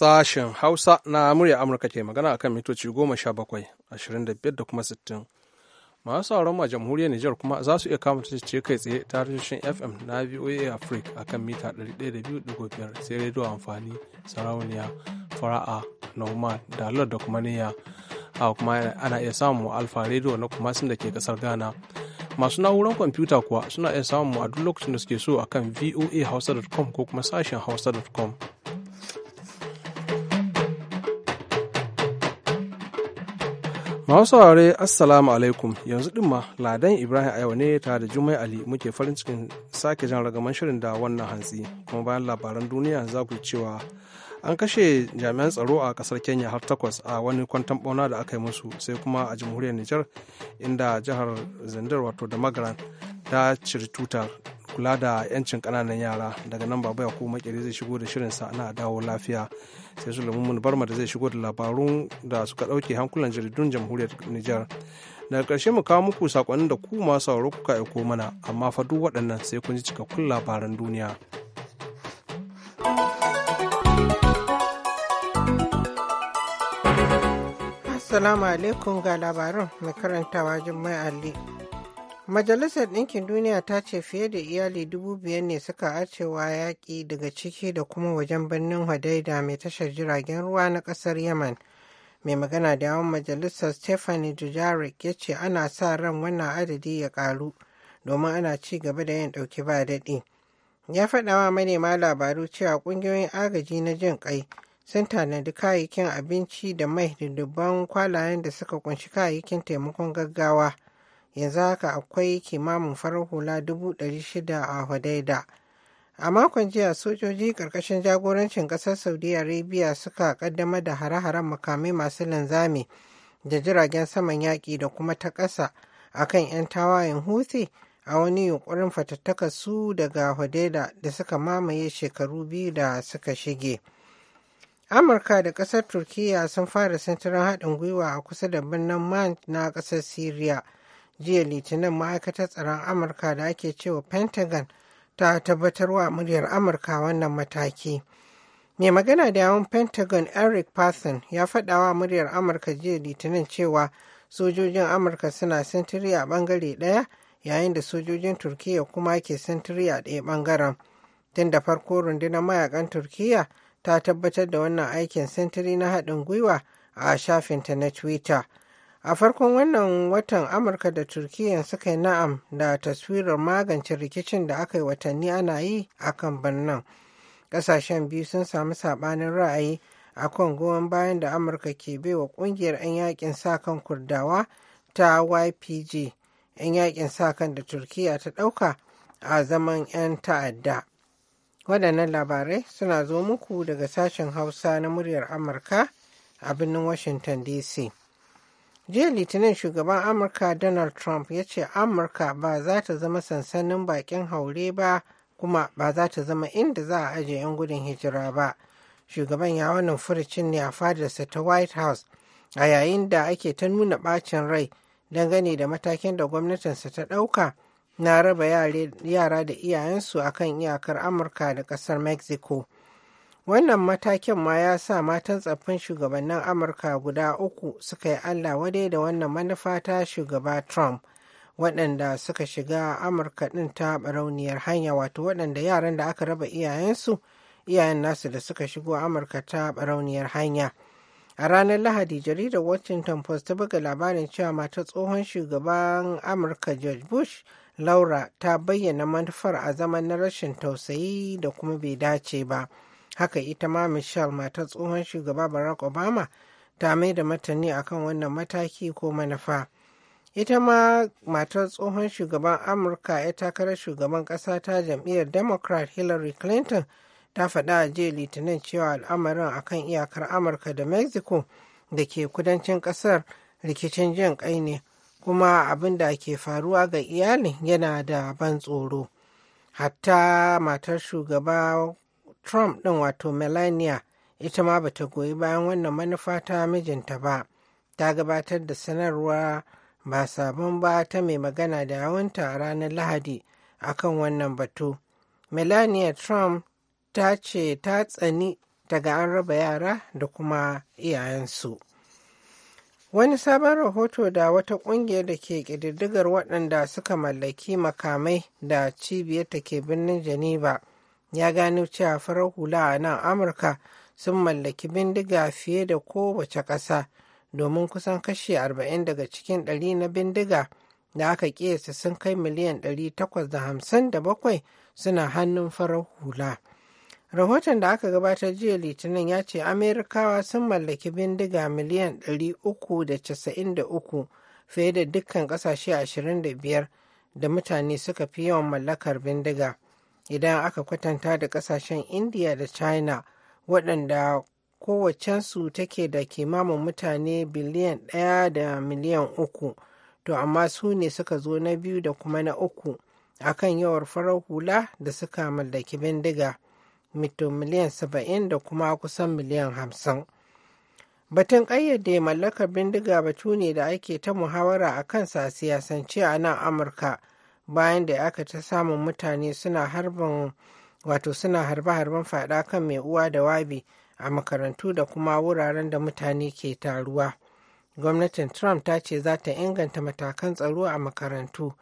Sashen Hausa na murya Amurka ke magana akan mitoci goma sha bakwai, ashirin da biyar da kuma sittin. Masu sauran ma jamhuriyar Nijar kuma za su iya kama ce kai tsaye ta tashoshin FM na VOA Africa akan mita ɗari ɗaya da biyu. biyar sai rediyo amfani sarauniya fara'a noma dalar da kuma niyya. a kuma ana iya samun alfa rediyo na kuma sun da ke kasar Ghana. masu na'urar kwamfuta kuwa suna iya samun a duk lokacin da suke so akan voa voahausa.com ko kuma sashen hausa.com. Masu saurare Assalamu alaikum yanzu din ma Ladan Ibrahim Ayo ne tare da Jumai Ali muke farin cikin sake jan ragaman shirin da wannan hantsi kuma bayan labaran duniya za ku cewa an kashe jami'an tsaro a kasar Kenya har takwas a wani kwantan bauna da aka yi musu sai kuma a jamhuriyar Nijar inda jihar zindar wato da Magaran ta ciri tutar kula da 'yancin kananan yara daga nan baba ya kuma makere zai shigo da shirin sa na dawo lafiya sai su lamun barma da zai shigo da labarun da suka dauke hankulan jaridun jamhuriyar nijar daga karshe mu kawo muku sakonnin da ku masu sauraro kuka aiko mana amma fa duk waɗannan sai kun ji cikakkun labaran duniya. Assalamu alaikum ga labarin mai karantawa Jummai Ali. Majalisar Ɗinkin Duniya ta ce fiye da iyali dubu biyar ne suka arcewa yaƙi daga ciki da kuma wajen birnin Hadaida mai tashar jiragen ruwa na ƙasar Yemen. Mai magana da yawan majalisar Stephanie Dujarric ya ce ana sa ran wannan adadi ya ƙaru domin ana ci gaba da yin ɗauki ba daɗi. Ya faɗawa manema labaru cewa ƙungiyoyin agaji na jin ƙai sun tanadi kayayyakin abinci da mai da dubban kwalayen da suka kunshi kayayyakin taimakon gaggawa. yanzu haka akwai kimamin farar hula shida a hudaida A makon jiya sojoji ƙarƙashin jagorancin ƙasar Saudi Arabia suka ƙaddamar da hare-haren makamai masu linzami da jiragen saman yaƙi da kuma ta ƙasa a kan 'yan tawayen Houthi a wani yunƙurin fatattaka su daga hudaida da suka mamaye shekaru biyu da suka shige. Amurka da ƙasar Turkiyya sun fara sintirin haɗin gwiwa a kusa da birnin Man na ƙasar Siriya. jiya litinin ma'aikatar tsaron amurka da ake cewa pentagon ta tabbatar wa muryar amurka wannan mataki mai magana da yawon pentagon eric parson ya faɗawa muryar amurka jiya litinin cewa sojojin amurka suna sintiri a bangare ɗaya yayin da sojojin turkiya kuma ke sintiri a ɗaya bangaren tun da farko rundunar mayakan turkiya ta tabbatar da wannan aikin sintiri na haɗin gwiwa a shafinta na twitter a farkon wannan watan amurka da turkiyya suka yi na'am da taswirar magance rikicin da aka yi watanni ana yi a kan birnin ƙasashen biyu sun samu saɓanin ra'ayi a kan goyon bayan da amurka ke bai wa ƙungiyar 'yan yakin sa kan kurdawa ta ypg 'yan yakin sa kan da turkiyya ta ɗauka a zaman 'yan ta'adda waɗannan labarai suna zo muku daga sashen hausa na muryar amurka a birnin washington dc jiya litinin shugaban amurka donald trump ya ce amurka ba za ta zama sansanin bakin haure ba kuma ba za ta zama inda za a ajiye 'yan gudun hijira ba shugaban ya wannan furucin ne a fadarsa ta white house a yayin da ake ta nuna bacin rai dangane da matakin da gwamnatinsa ta ɗauka na raba yara da iyayensu akan iyakar amurka da ƙasar mexico Wannan matakin ma ya sa matan tsaffin shugabannin Amurka guda uku suka yi Allah wadai da wannan manufa ta shugaba Trump. waɗanda suka shiga amurka ɗin ta barauniyar hanya wato waɗanda yaran da aka raba iyayensu iyayen nasu da suka shigo amurka ta barauniyar hanya a ranar lahadi jaridar washington post ta buga labarin cewa mata tsohon shugaban amurka george bush laura ta bayyana manufar a zaman na rashin tausayi da kuma bai dace ba. haka ita ma michelle matar tsohon shugaba barack obama ta mai da matani akan wannan mataki ko manufa ita ma matar tsohon shugaban amurka ya takarar shugaban ƙasa ta jam'iyyar democrat hillary clinton ta faɗa a jiya litinin cewa al'amarin akan iyakar amurka da mexico da ke kudancin ƙasar rikicin jin ƙai ne kuma abin da ke faruwa ga iyalin yana da ban tsoro hatta matar shugaba Trump ɗin wato Melania ita ma bata goyi bayan wannan manufa ta mijinta ba. Ta gabatar da sanarwa ba sabon ba ta mai magana da yawanta a ranar Lahadi akan wannan batu. Melania Trump ta ce ta tsani daga an raba yara da kuma iyayensu. Wani sabon rahoto da wata ƙungiyar da ke ƙididdigar waɗanda suka mallaki makamai da cibiyar ta ke birnin Geneva ya gano cewa farar hula a nan amurka sun mallaki bindiga fiye da kowace ƙasa domin kusan kashe 40 daga cikin 100 na bindiga da aka kiyasta sun kai miliyan 857 suna hannun farar hula. Rahoton da aka gabatar jiya Litinin ya ce Amerikawa sun mallaki bindiga miliyan 393 fiye da dukkan kasashe 25 da mutane suka fi yawan mallakar bindiga. idan aka kwatanta da kasashen india da china waɗanda kowacensu take da kimamin mutane biliyan ɗaya da miliyan uku to amma su ne suka zo na biyu da kuma na uku akan yawar farar hula da suka mallaki bindiga mito miliyan saba'in da kuma kusan miliyan hamsin batun ƙayyade mallakar bindiga batu ne da ake ta muhawara a kansa a siyasance a nan amurka bayan da aka ta samun mutane suna harban wato suna harbe-harben fada kan mai uwa da wabi a makarantu da kuma wuraren da mutane ke taruwa. Gwamnatin Trump ta ce za ta inganta matakan tsaro a makarantu,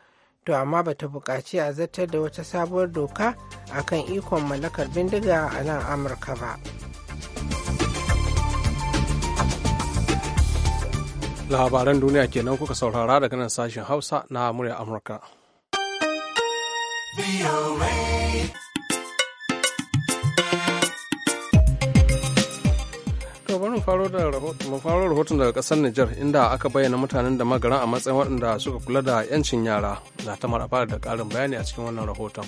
to amma ba ta buƙaci a zartar da wata sabuwar doka a kan ikon mallakar bindiga a nan Amurka ba. Labaran duniya kenan kuka saurara daga nan sashen Hausa na murya Amurka. bari mu faro da mu faro rahoton daga kasar Nijar inda aka bayyana mutanen da magaran a matsayin waɗanda suka kula da 'yancin yara na ta fara da ƙarin bayani a cikin wannan rahoton.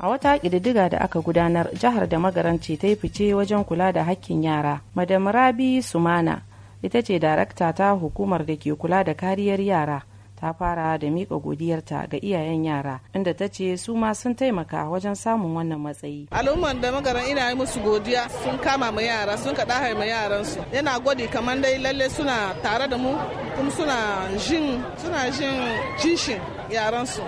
a wata ƙididdiga da aka gudanar jihar da magaranci ta fice wajen kula da hakkin yara madam rabi sumana ita ce darakta ta hukumar da ke kula da kariyar yara ta fara da miƙa godiyarta ga iyayen yara inda ta ce su ma sun taimaka wajen samun wannan matsayi. Al'umman da magaran ina yi musu godiya sun kama ma yara sun kaɗa ma yaransu yana gwadi kamar dai lalle suna tare da mu kuma suna jin suna jin kishin yaransu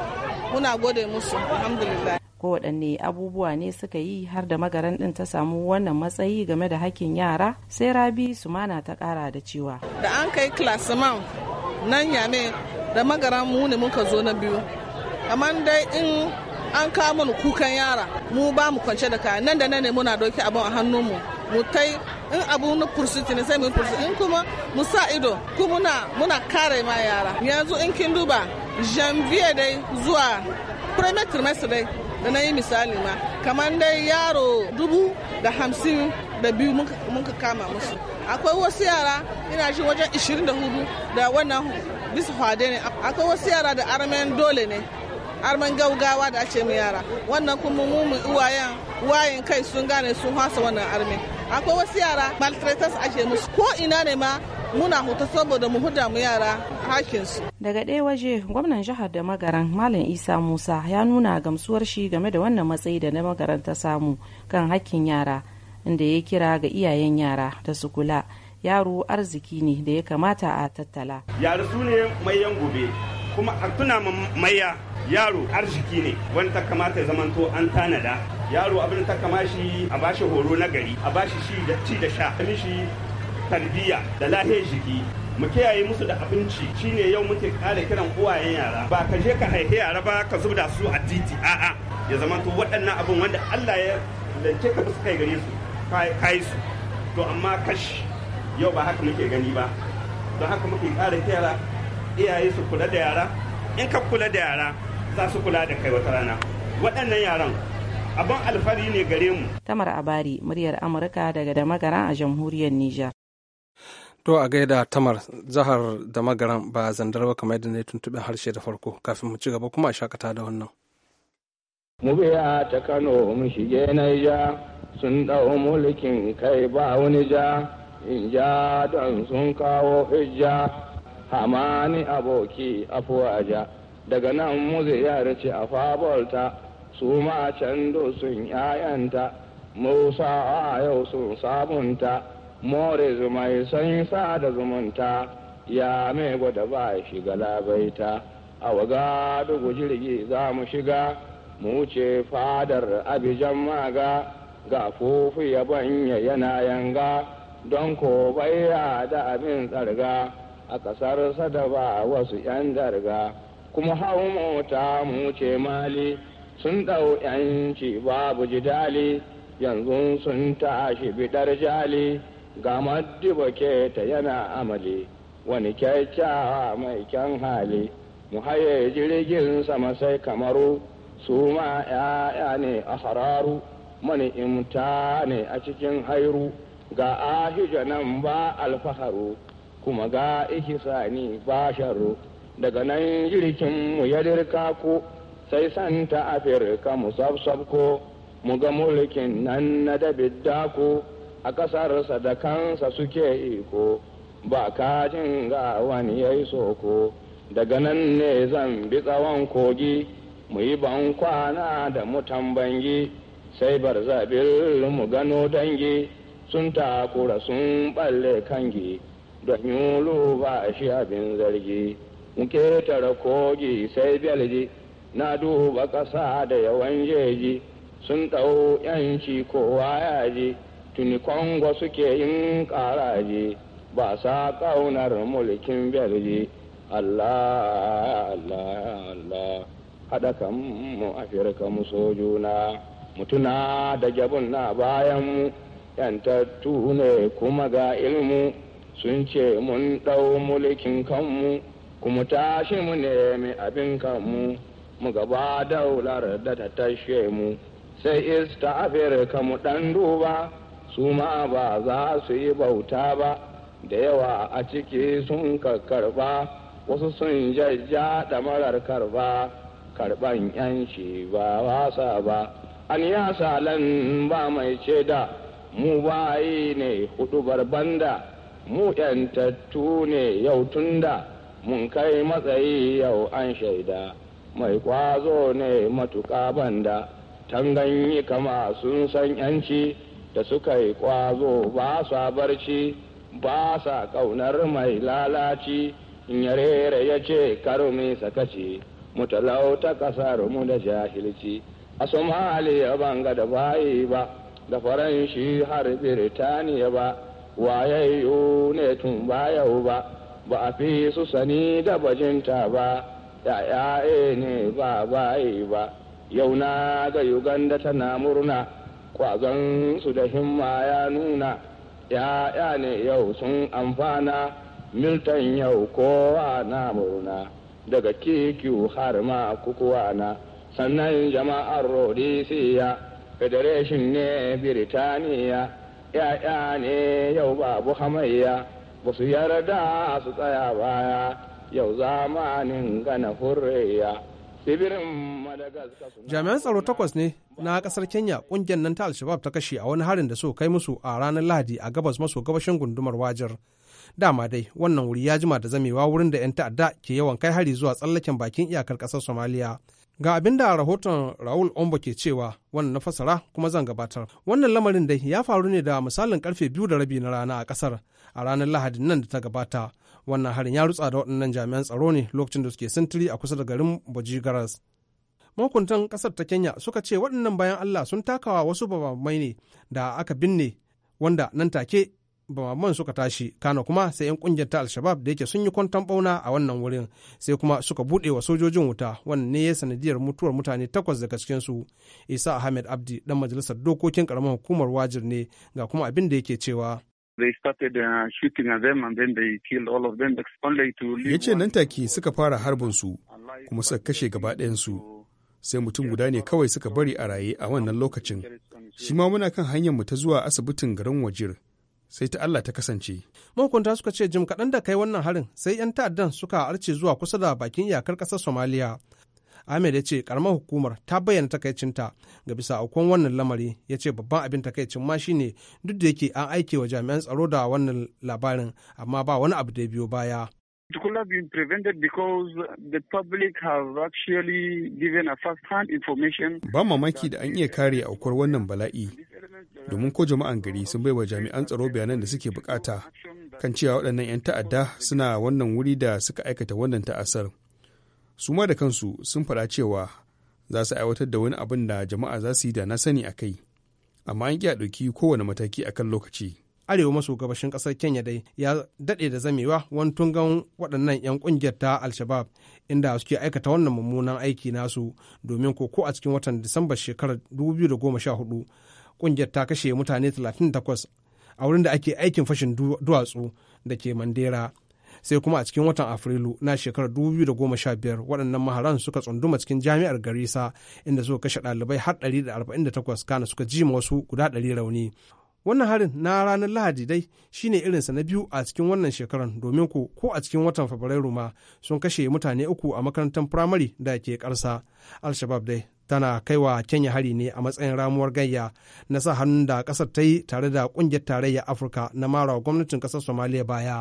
muna gode musu alhamdulillah. kowaɗanne abubuwa ne suka yi har da magaran ɗin ta samu wannan matsayi game da hakkin yara sai rabi su mana ta ƙara da cewa da an kai classman nan yame da magara mu ne muka zo na biyu amma dai in an kawo mu kukan yara mu ba mu kwance da kaya nan da nan ne muna doki abin a hannunmu mu tai in abu na pursuit ne sai mu pursuit in kuma mu sa ido kuma muna muna kare ma yara yanzu in kin duba janvier dai zuwa premier trimester dai da na yi misali ma kamar dai yaro dubu da hamsin da biyu muka kama musu akwai wasu yara ina shi wajen 24 da wannan bisa fade ne akwai wasu yara da armen dole ne armen gaugawa da ake mu yara wannan kuma mu mu uwayen wayan kai sun gane sun hasa wannan armen akwai wasu yara maltrators ake musu ko ina ne ma muna huta saboda mu huda mu yara hakinsu. Daga ɗaya waje gwamnan jihar da magaran Malam Isa Musa ya nuna gamsuwar shi game da wannan matsayi da na magaran ta samu kan hakkin yara inda ya kira ga iyayen yara da su kula yaro arziki ne da ya kamata a tattala yaro su ne mayan gobe kuma a tuna maya yaro arziki ne wani ta kamata ya zamanto an tanada yaro abin ta kama shi a bashi horo na gari a bashi shi da ci da sha mishi tarbiyya da lahiyar jiki mu kiyaye musu da abinci shine yau muke kare kiran uwayen yara ba ka je ka haife yara ba ka zubda su a titi a'a ya zamanto waɗannan abin wanda Allah ya lance ka kai gare su kai su to amma kashi yau ba haka muke gani ba don haka muke ƙara yara iyaye su kula da yara in ka kula da yara za su kula da kai wata rana waɗannan yaran abin alfari ne gare mu tamar abari muryar amurka daga da magaran a jamhuriyar nijar to a gaida tamar zahar da magaran ba zandarwa kamar yadda na tuntuɓin harshe da farko kafin mu ci gaba kuma a shakata da wannan mu ta kano mu shige naija sun ɗau mulkin kai ba wani ja inja don sun kawo hijja hamani aboki afuwaja daga nan muze ya race a fabolta su ma can sun yayanta musa a yau sun sabunta more zumai san sa da zumunta ya mai gwada ba shiga labaita a waga dugu jirgi za mu shiga mu ce fadar abijan maga ga fufu ya banya yana yanga don ko baya da abin tsarga a ƙasar ba wasu 'yan darga kuma hau mota mu ce mali sun ɗau 'yanci babu jidali yanzu sun tashi bidar jali ga maddibake ta yana amali wani kyakkyawa mai kyan hali mu haye jirgin sama sai kamaru su ma 'ya'ya ne a hararu mani imta ne a cikin hairu ga ahija nan ba alfaharu kuma ga ihisani ba sharu daga nan jirgin mu ya dirka ku, sai santa afirka mu sabsabko mu ga mulkin nan na bidda ko a ƙasarsa da kansa suke iko ba kajin ga wani ya yi soko daga nan ne zan bi tsawon kogi mu yi ban kwana da mutan bangi sai bar mu gano dangi sun takura sun balle kangi don yulu ba shi abin zargi muke tara kogi sai belji na duba ƙasa da yawan jeji sun ɗau yanci kowa yaji tuni kongo suke yin ƙaraji ba sa ƙaunar mulkin belji allah allah allah haɗa kan mu afirka mu sojuna mutuna da jabun na bayan mu yantattu ne kuma ga ilmu sun ce mun ɗau mulkin kanmu kuma tashi mu nemi abin kanmu mu gaba daular da ta tashe mu sai ista afirka mu ɗan duba su ma ba za su yi bauta ba da yawa a ciki sun karkarba wasu sun jajja da marar karba karban yanci ba wasa ba an yasa lan ba mai ce da mu bayi ne hudu barbanda mu yantattu ne yau tunda mun kai matsayi yau an shaida mai kwazo ne matuƙa banda tanganyi kama sun san yanci da suka yi kwazo ba sa barci ba sa kaunar mai lalaci in ya ce karumi sakaci mu talauta ƙasar mu da jahilci a somaliya banga da bayi ba da faranshi har birtaniya ba wayayyo ne tun bayau ba ba a fi su sani da bajinta ba ya'ya'e ne ba bayi ba yau na ga uganda tana murna kwazon su da himma ya nuna ya'ya ne yau sun amfana milton yau kowa na murna daga kikiyu har ma kukuwa na sannan jama'ar rodisiya federation ne biritaniya ya'ya ne yau babu hamayya ba su yarda su tsaya baya yau zamanin gana hurriya jami'an tsaro takwas ne na kasar kenya kungiyar nan ta alshabab ta kashe a wani harin da su kai musu a ranar lahadi a gabas maso gabashin gundumar wajir. dama dai wannan wuri ya jima da zamewa wurin da 'yan ta'adda ke yawan kai hari zuwa tsallaken bakin iyakar kasar somaliya Ga abin da rahoton Raul Ombo ke cewa wannan na fasara kuma zan gabatar. Wannan lamarin dai ya faru ne da misalin karfe biyu da rabi na rana a kasar a ranar Lahadin nan da ta gabata. Wannan harin ya rutsa da waɗannan jami'an tsaro ne lokacin da suke sintiri a kusa da garin Bojigaras. Mahukuntan kasar ta Kenya suka ce waɗannan bayan Allah sun takawa wasu babamai ne da aka binne wanda nan take bamaman suka tashi kano kuma sai 'yan kungiyar ta alshabab da yake sun yi kwanton bauna a wannan wurin sai kuma suka buɗe wa sojojin wuta wannan ne ya sanadiyar mutuwar mutane takwas daga cikin su isa ahmed abdi dan majalisar dokokin karamar hukumar wajir ne ga kuma abin da yake cewa uh, ya ce nan take suka fara harbin su kuma suka kashe gaba su sai mutum guda ne kawai suka bari a raye a wannan lokacin. Shi ma muna kan hanyar mu ta zuwa asibitin garin Wajir. sai ta Allah ta kasance. Mahukunta suka ce jim kaɗan da kai wannan harin sai 'yan ta'addan suka arce zuwa kusa da bakin iyakar ƙasar Somaliya. Ahmed ya ce ƙaramar hukumar ta bayyana takaicinta ga bisa aukon wannan lamari ya ce babban abin takaicin ma ne duk da yake an aike wa jami'an tsaro da wannan labarin amma ba wani abu da ya biyo baya. It could have been prevented because the public have actually given a first-hand information. Ba mamaki da an iya kare aukuwar wannan bala'i domin ko jama'an gari sun wa jami'an tsaro bayanan da suke bukata kan cewa waɗannan 'yan ta'adda suna wannan wuri da suka aikata wannan ta'asar. Su ma da kansu sun faɗa cewa za su aiwatar da wani abin da jama'a za su yi da na sani a kai, amma an ƙi a ɗauki kowane mataki a kan lokaci. arewa maso gabashin kasar kenya dai ya daɗe da zamewa wani tungan waɗannan 'yan ƙungiyar ta al inda suke aikata wannan mummunan aiki nasu domin ko a cikin watan disamba shekarar 2014 ƙungiyar ta kashe mutane 38 a wurin da ake aikin fashin duwatsu da ke mandera sai kuma a cikin watan afrilu na shekarar 2015 waɗannan maharan suka tsunduma cikin jami'ar garisa inda suka kashe ɗalibai har 148 kana suka jima wasu guda ɗari rauni wannan harin na ranar lahadi dai shine irinsa na biyu a cikin wannan shekarar domin ko ko a cikin watan fabrairu ma sun kashe mutane uku a makarantar firamare da ke karsa al-shabab dai tana kaiwa kenya hari ne a matsayin ramuwar gayya na sa hannun da kasar ta yi tare da kungiyar tarayya afirka na mara gwamnatin kasar somaliya baya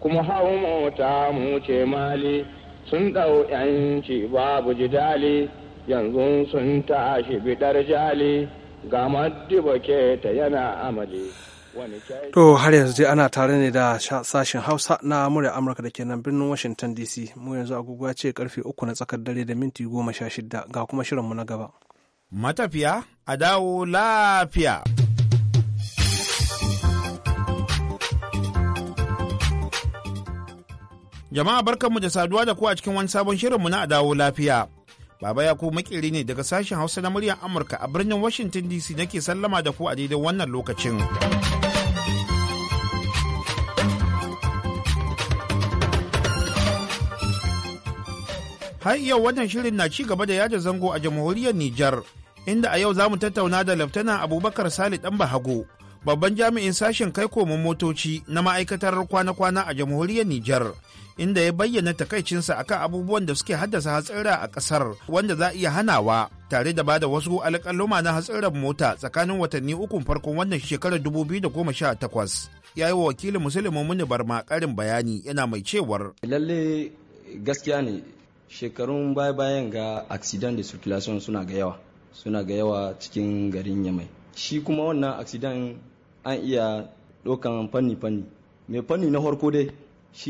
kuma hau mota mu ce mali sun ɗau yanci babu jidali yanzu sun tashi bidar jali ga ta yana amali To har yanzu dai ana tare ne da sashen Hausa na murya Amurka da ke nan birnin Washington DC. Mu yanzu agogo ce karfe uku na tsakar dare da minti goma sha shida ga kuma shirinmu na gaba. Matafiya a dawo lafiya. Jama'a barkanmu da saduwa da ku a cikin wani sabon shirinmu na a dawo lafiya. Baba ya ku makeri ne daga sashen Hausa na muryar Amurka a birnin Washington DC nake sallama da ku a daidai wannan lokacin. Har yau wannan shirin na ci gaba da yada zango a jamhuriyar Nijar, inda a yau za mu tattauna da Laftanan Abubakar Sale ɗan Bahago, babban jami'in sashen kai komon motoci na ma'aikatar kwana-kwana a jamhuriyar Nijar, inda ya bayyana takaicinsa a akan abubuwan da suke haddasa hatsira a ƙasar wanda za a iya hanawa tare da bada wasu alƙaluma na hatsirar mota tsakanin watanni ukun farkon wannan shekarar 2018. Ya yi wa wakilin Musulmi Muni Barma ƙarin bayani yana mai cewar. Lalle gaskiya ne shekarun baya-bayan ga accident da circulation suna ga yawa suna ga yawa cikin garin Yamai. shi kuma wannan accident an iya ɗaukan fanni-fanni mai fanni na farko dai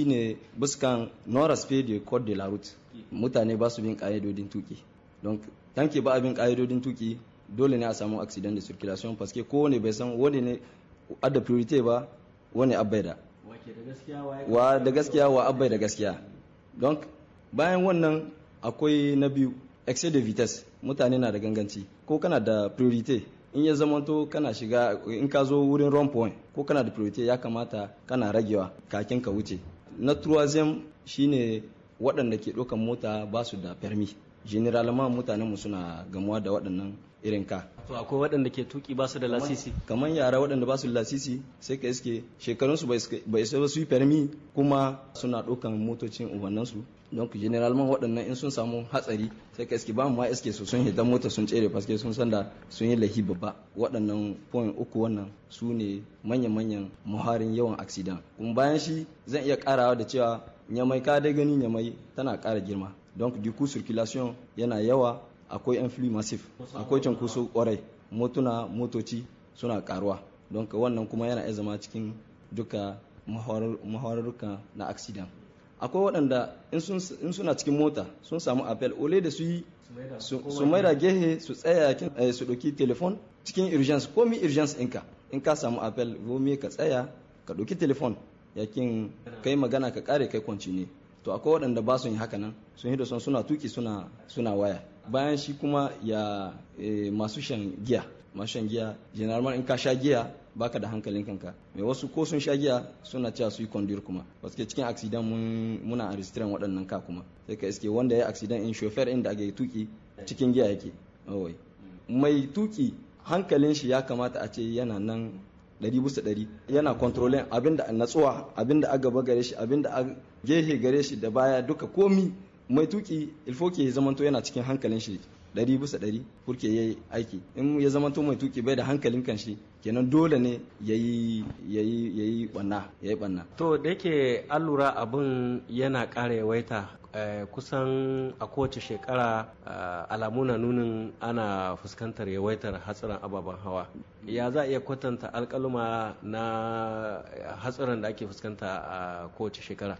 ne buskan non respect de code de la route mutane ba su bin ƙa'idodin tuki don tanke ba a bin ƙa'idodin tuki dole ne a samu accident de circulation parce que ne bai san wani ne a da priority ba wani abai da wa da gaskiya wa abai da gaskiya don bayan wannan akwai na biyu excess de vitesse mutane na da ganganci ko kana da priority in ya zamanto kana shiga in ka zo wurin point ko kana da priority ya kamata kana ragewa kakin ka wuce na troisième shine waɗanda ke ɗaukan mota ba su da permi generalement mutanenmu suna gamuwa da waɗannan irin ka. To akwai waɗanda ke tuki ba su da lasisi. Kamar yara waɗanda ba su da lasisi sai ka iske shekarunsu bai isa ba su yi fermi kuma suna ɗaukan motocin ubannansu donc man waɗannan in sun samu hatsari sai ka iske ba mu ma iske su sun hidan mota sun tsere paske sun san da sun yi lahi babba waɗannan point uku wannan su ne manya-manyan muharin yawan accident kuma bayan shi zan iya karawa da cewa nyamai ka dai gani nyamai tana ƙara girma donc du coup circulation yana yawa akwai influx massif akwai cunkoso kwarai motuna motoci suna karuwa donc wannan kuma yana iya zama cikin duka mahararruka na accident akwai waɗanda in suna cikin mota sun samu apel ole da su yi su maida gehe su tsaya eh, su ɗauki telefon cikin urgence komi urgence inka in ka samu apel gomi ka tsaya ka ɗauki telefon yakin kai magana ka kare kai kwanci ne to akwai waɗanda ba su yi haka nan sun da son suna tuki suna suna waya bayan shi kuma ya eh, masu shan giya masu shan giya general in ka sha giya baka da hankalin kanka mai wasu ko sun sha giya suna cewa su yi kondir kuma wasu cikin accident muna arrestiran waɗannan ka kuma sai ka iske wanda ya yi accident in shofar inda ake tuki cikin giya yake mai tuki hankalin shi ya kamata a ce yana nan ɗari bisa ɗari yana kontrolin abinda a natsuwa abinda a gaba gare shi abinda a gehe gare shi da baya duka komi mai tuki ilfoke ya zamanto yana cikin hankalin shi ɗari bisa ɗari kurke ya yi aiki in ya zamanto mai tuki bai da hankalin kan shi kenan dole ne yayi yayi yayi banna yayi banna to da yake allura abin yana ƙara yawaita eh, kusan a kowace shekara eh, alamu na nunin ana fuskantar yawaitar hatsarin ababen hawa ya za a iya kwatanta alkaluma na hatsarin da ake fuskanta a kowace shekara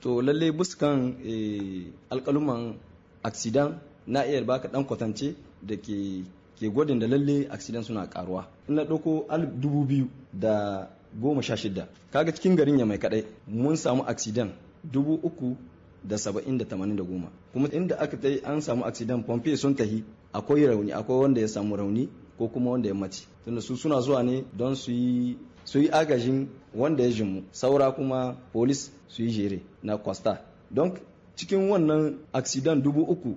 to lalle buskan eh, alkaluman aksidan na iya baka dan kwatance da ke ke gwadin da lalle accident suna karuwa in na ɗauko alif dubu biyu da goma sha shida kaga cikin garin ya mai kadai. mun samu accident dubu uku da saba'in da tamanin da goma kuma inda aka tai an samu accident pompe sun tahi akwai rauni akwai wanda ya samu rauni ko kuma wanda ya mace tunda su suna zuwa ne don su yi su yi agajin wanda ya jimu saura kuma polis su yi jere na kwasta don cikin wannan accident dubu uku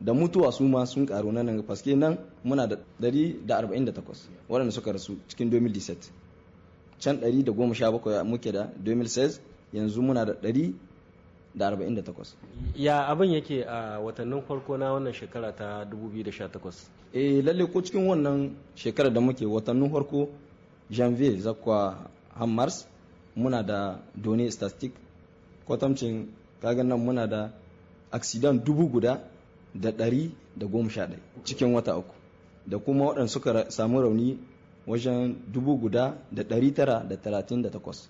da mutuwa su ma sun karu nan nan faske nan muna da 148 waɗanda suka rasu cikin 2017 can 117 muke da 2016 yanzu muna da 148 ya abin yake a watannin farko na wannan shekara ta 2018 eh lalle ko cikin wannan shekarar da muke watannin farko janvier zakwa har mars muna da doni statistic kwatamcin kagan nan muna da accident dubu guda da ɗari da goma sha cikin wata uku da kuma waɗanda suka samu rauni wajen dubu guda da ɗari tara da talatin da takwas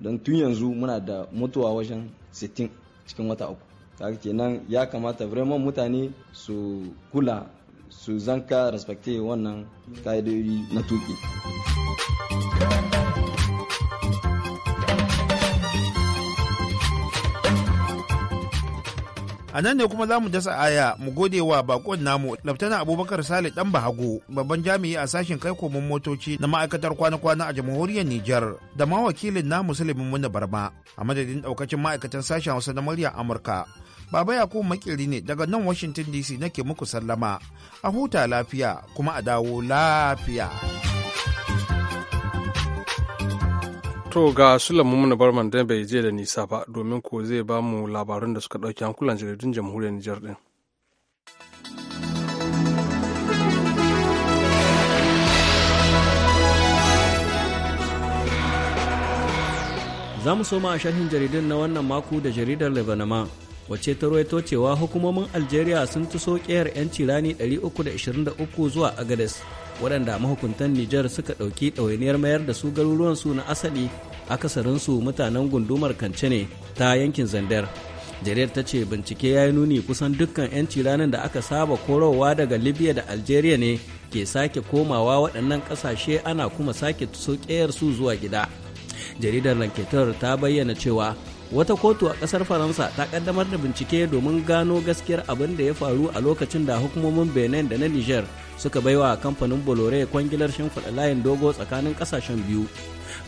don tun yanzu muna da mutuwa wajen sittin cikin wata uku kaga kenan ya kamata vraiment mutane su kula su zanka respecte wannan ka'idodi na tuki. a nan ne kuma za mu dasa aya mu gode wa bakon namu laftana abubakar sale dan bahago babban jami'i a sashen kai komon motoci na ma'aikatar kwana-kwana a jamhuriyar nijar da ma wakilin na musulmin muna barma a madadin daukacin ma'aikatan sashen hausa na murya amurka baba yakubu makiri ne daga nan washington dc nake muku sallama a huta lafiya kuma a dawo lafiya. To ga Sulaimu Muna Barman da bai je da nisa ba domin ko zai ba mu labarun da suka dauki hankulan jaridun jamhuriyar Nijar ɗin. zamu soma a sharhin jaridun na wannan mako da jaridar Lebanama. wace ta rawaito cewa hukumomin Algeria sun tuso kiyar 'yanci rani 323 zuwa Agades waɗanda mahukuntan Nijar suka ɗauki ɗawainiyar mayar da su garuruwansu na asali akasarinsu mutanen gundumar kance ne ta yankin zandar jaridar ta ce bincike ya yi nuni kusan dukkan 'yanci ranar da aka saba korowa daga libya da algeria ne ke sake komawa waɗannan ƙasashe ana kuma sake su zuwa gida jaridar lanketar ta bayyana cewa wata kotu a kasar faransa ta kaddamar da bincike domin gano gaskiyar abin da ya faru a lokacin da hukumomin benin da na niger suka baiwa kamfanin bolore kwangilar shimfiɗa layin dogo tsakanin ƙasashen biyu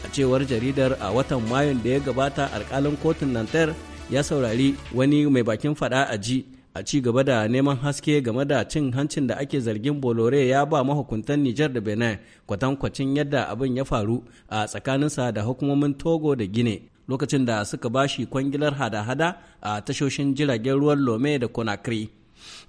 a cewar jaridar a watan mayun da ya gabata alkalin kotun nantar ya saurari wani mai bakin faɗa a ji a ci gaba da neman haske game da cin hancin da ake zargin bolore ya ba mahukuntan niger da benin kwatankwacin yadda abin ya faru a tsakaninsa da hukumomin togo da gine lokacin da suka bashi kwangilar hada-hada a tashoshin jiragen ruwan Lome da Conakry.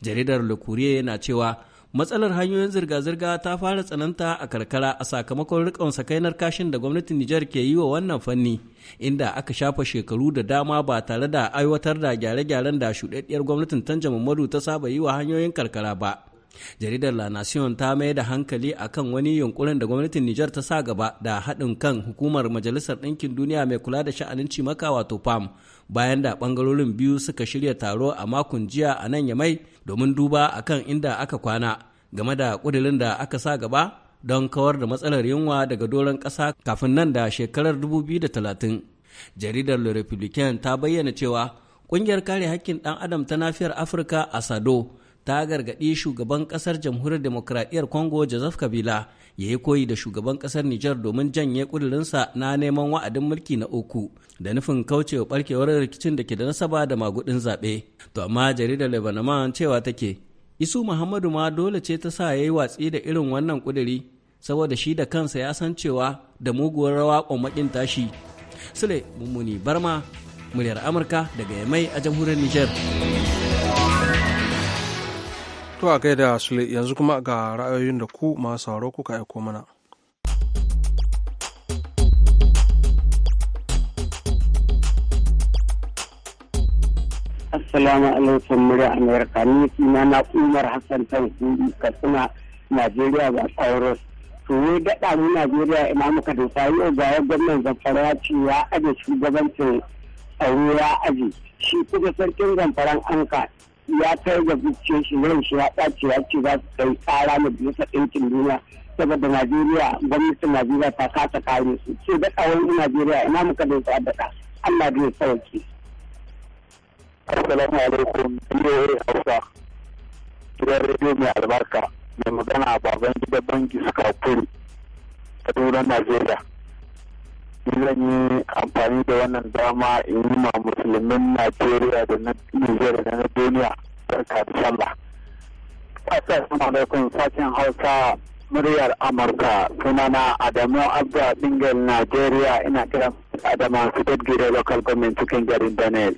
Jaridar Le yana cewa matsalar hanyoyin zirga-zirga ta fara tsananta a karkara a sakamakon rikon sakainar kashin da gwamnatin Nijar ke yi wa wannan fanni inda aka shafa shekaru da dama ba tare da aiwatar da gyare-gyaren da shuɗaɗɗiyar gwamnatin Tanja Muhammadu ta saba yi wa hanyoyin karkara ba. jaridar la nation ta mai da hankali akan wani yunkurin da gwamnatin niger ta sa gaba da haɗin kan hukumar majalisar ɗinkin duniya mai kula da sha'anin cimaka wato pam bayan da ɓangarorin biyu suka shirya taro a makon jiya a nan yamai domin duba akan inda aka kwana game da ƙudurin da aka sa gaba don kawar da matsalar yunwa daga doron ƙasa kafin nan da shekarar 2030 jaridar le republican ta bayyana cewa ƙungiyar kare hakkin ɗan adam ta nafiyar afirka a sado ta gargaɗi shugaban ƙasar jamhuriyar demokradiyyar congo joseph kabila ya yi koyi da shugaban ƙasar nijar domin janye ƙudurinsa na neman wa'adin mulki na uku da nufin kaucewa ɓarkewar rikicin da ke da nasaba da magudin zaɓe to amma jaridar lebanon cewa take isu muhammadu ma dole ce ta sa ya yi watsi da irin wannan ƙuduri saboda shi da kansa ya san cewa da muguwar rawa ƙwamakin tashi sule mummuni barma muryar amurka daga yamai a jamhuriyar nijar To a gaida su yanzu kuma ga ra'ayoyin da ku masu sauro kuka aiko mana. Assalamu alaikum murya Amerika ni suna na Umar Hassan Tanku Katsina Najeriya ba sauro. To ne daɗa mu Najeriya ina muka dosa yau ga gwamnan zamfara ya ce ya aje shugabancin tsaro ya aje. Shi kuma sarkin zamfaran anka ya kai ga zuciyar shi wurin shi ya ɗace ya ce za su kai tsara na bisa ɗinkin duniya saboda najeriya gwamnatin najeriya ta kasa kare su ce da kawai najeriya ina muka da su daɗa allah bai sauki. assalamu alaikum biyoyi hausa gidan rediyo mai albarka mai magana a baban gidan banki suka kuri duniyar najeriya zan yi amfani da wannan dama in yi ma musulmin najeriya da na nijar da na duniya barka da sallah assalamu alaikum sashen hausa muryar amurka sunana adamu abda dingel najeriya ina kiran adama masu gida local government cikin garin daniel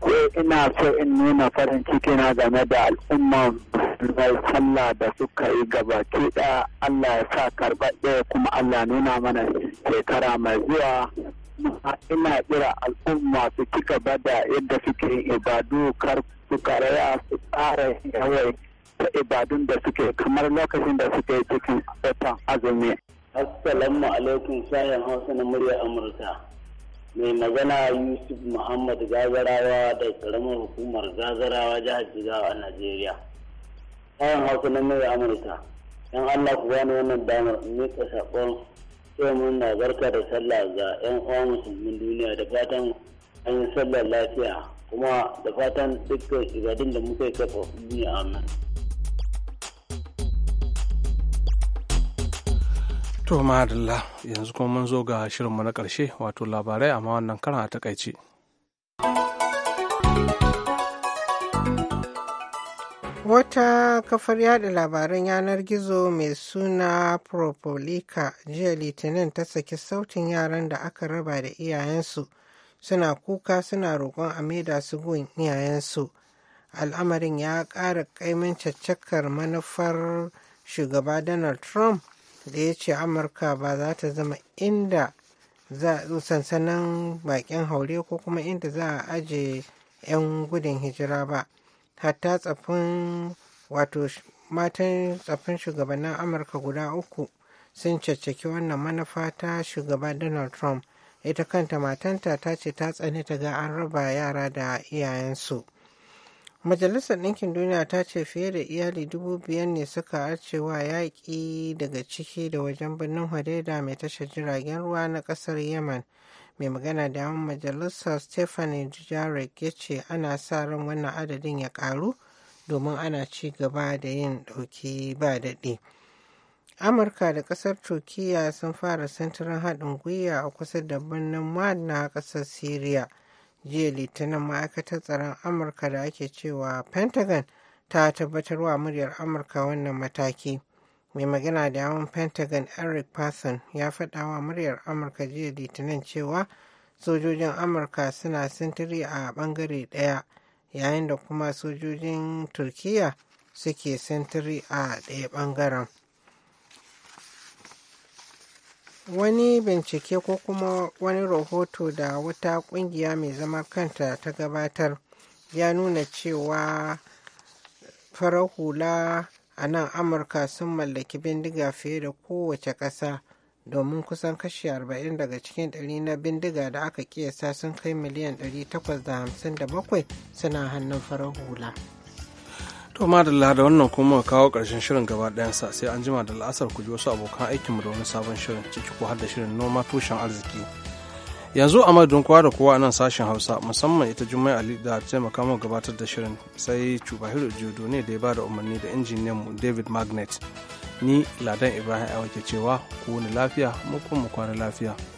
ko ina so in nuna farin ciki na game da al'umman mai sallah da suka yi gaba, da allah ya sa karɓa ɗaya kuma allah nuna mana shekara mai zuwa ina kira al'umma su ci gaba da yadda suke ibadu kar su karaya su tsara yawai ta ibadun da suke kamar lokacin da suke cikin watan azumi Assalamu alaikum sayan Hausa na murya Amurka. Mai magana Yusuf Muhammad gazarawa da karamar hukumar gazarawa jihar Jigawa a Najeriya. Sayan Hausa na murya Amurka. Yan Allah ku gane wannan damar miƙa saƙon sai na barka da sallah ga 'yan uwan musulmin duniya da fatan an yi sallar lafiya kuma da fatan dukkan ibadun da muka yi kafa duniya amin. To madalla yanzu kuma mun zo ga shirinmu na ƙarshe wato labarai amma wannan karan a takaice. Wata kafar yada labaran yanar gizo mai suna Propolika jiya Litinin ta saki sautin yaran da aka raba da iyayensu suna kuka suna roƙon a maida su gun iyayensu. Al'amarin ya ƙara ƙaimin caccakar manufar shugaba Donald Trump da ya ce amurka ba za ta zama inda za a sansanin bakin haure ko kuma inda za a aje 'yan gudun hijira ba hatta tsafin wato matan tsafin shugabannin amurka guda uku sun caccaki wannan manufa ta shugaba donald trump ita kanta matanta ta ce ta tsani ta ga an raba yara da iyayensu Majalisar Ɗinkin Duniya ta ce fiye da iyali dubu biyar ne suka arcewa yaƙi daga ciki da wajen birnin hadeda mai tashar jiragen ruwa na ƙasar Yemen. Mai magana da yawan majalisar Stephanie Dujarric ya ce ana sa ran wannan adadin ya ƙaru domin ana ci gaba da yin ɗauki ba daɗi. Amurka da ƙasar Turkiyya sun fara sintirin haɗin gwiwa a kusa da birnin Mad na ƙasar Siriya. jiya litinin ma'aikatar tsaron amurka da ake cewa pentagon ta tabbatar wa muryar amurka wannan mataki mai magana da yawon pentagon eric Parson ya faɗa wa muryar amurka jiya litinin cewa sojojin amurka suna sintiri a ɓangare ɗaya yayin da kuma sojojin turkiya suke sintiri a ɗaya ɓangaren. wani bincike ko kuma wani rahoto da wata kungiya mai zama kanta ta gabatar ya nuna cewa farar hula a nan amurka sun mallaki bindiga fiye da kowace ƙasa domin kusan kashi 40 daga cikin ɗari na bindiga da aka kiyasa sun kai miliyan 857 suna hannun farar hula. To madalla da wannan kuma kawo ƙarshen shirin gaba ɗayansa sai an jima da la'asar ku ji wasu abokan aikinmu da wani sabon shirin ciki ko har da shirin noma tushen arziki. Yanzu a madadin kowa da kowa a nan sashen Hausa musamman ita Jummai Ali da taimaka mu gabatar da shirin sai Cubahiru Jodo ne da ya ba da umarni da injiniyan mu David Magnet. Ni Ladan Ibrahim Awa ke cewa ku wani lafiya mu kuma kwana lafiya.